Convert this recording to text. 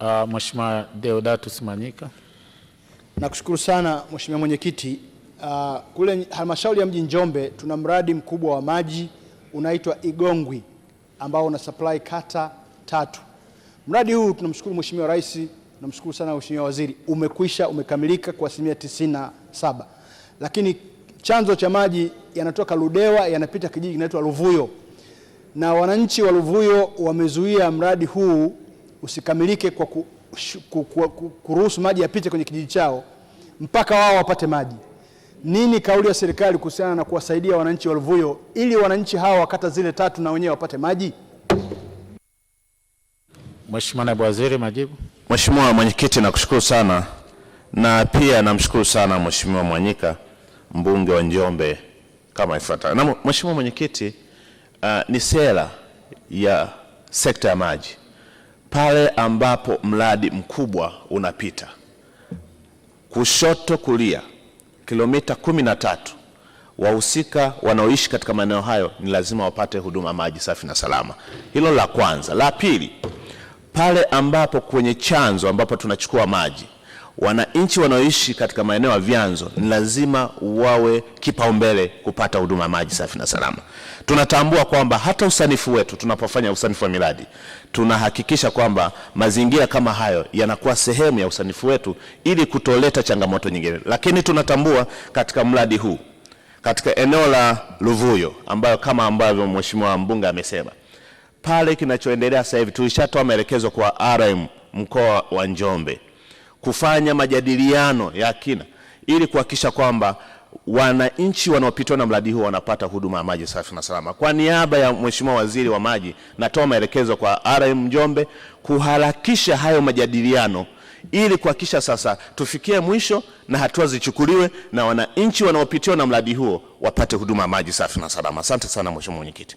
Uh, Mheshimiwa Deodatus Manyika. Nakushukuru sana Mheshimiwa Mwenyekiti. Uh, kule halmashauri ya mji Njombe tuna mradi mkubwa wa maji unaitwa Igongwi ambao una supply kata tatu. Mradi huu tunamshukuru Mheshimiwa Rais, tunamshukuru sana Mheshimiwa Waziri, umekwisha umekamilika kwa asilimia tisini na saba, lakini chanzo cha maji yanatoka Ludewa yanapita kijiji kinaitwa Luvuyo na wananchi wa Luvuyo wamezuia mradi huu usikamilike kwa kuruhusu maji yapite kwenye kijiji chao mpaka wao wapate maji. Nini kauli ya serikali kuhusiana na kuwasaidia wananchi wa Luvuyo ili wananchi hawa wakata zile tatu na wenyewe wapate maji? Mheshimiwa Naibu Waziri, majibu. Mheshimiwa Mwenyekiti, nakushukuru sana na pia namshukuru sana Mheshimiwa Mwanyika mbunge wa Njombe kama ifuatavyo. Na Mheshimiwa Mwenyekiti, uh, ni sera ya sekta ya maji pale ambapo mradi mkubwa unapita kushoto kulia, kilomita kumi na tatu, wahusika wanaoishi katika maeneo hayo ni lazima wapate huduma maji safi na salama. Hilo la kwanza. La pili, pale ambapo kwenye chanzo ambapo tunachukua maji wananchi wanaoishi katika maeneo ya vyanzo ni lazima wawe kipaumbele kupata huduma ya maji safi na salama. Tunatambua kwamba hata usanifu wetu, tunapofanya usanifu wa miradi, tunahakikisha kwamba mazingira kama hayo yanakuwa sehemu ya usanifu wetu ili kutoleta changamoto nyingine. Lakini tunatambua katika mradi huu katika eneo la Luvuyo ambayo kama ambavyo mheshimiwa mbunge amesema pale, kinachoendelea sasa hivi tulishatoa maelekezo kwa RM mkoa wa Njombe kufanya majadiliano ya kina ili kuhakikisha kwamba wananchi wanaopitwa na mradi huu wanapata huduma ya maji safi na salama. Kwa niaba ya Mheshimiwa Waziri wa Maji, natoa maelekezo kwa RM Njombe kuharakisha hayo majadiliano ili kuhakikisha sasa tufikie mwisho na hatua zichukuliwe na wananchi wanaopitiwa na mradi huo wapate huduma ya maji safi na salama. Asante sana Mheshimiwa Mwenyekiti.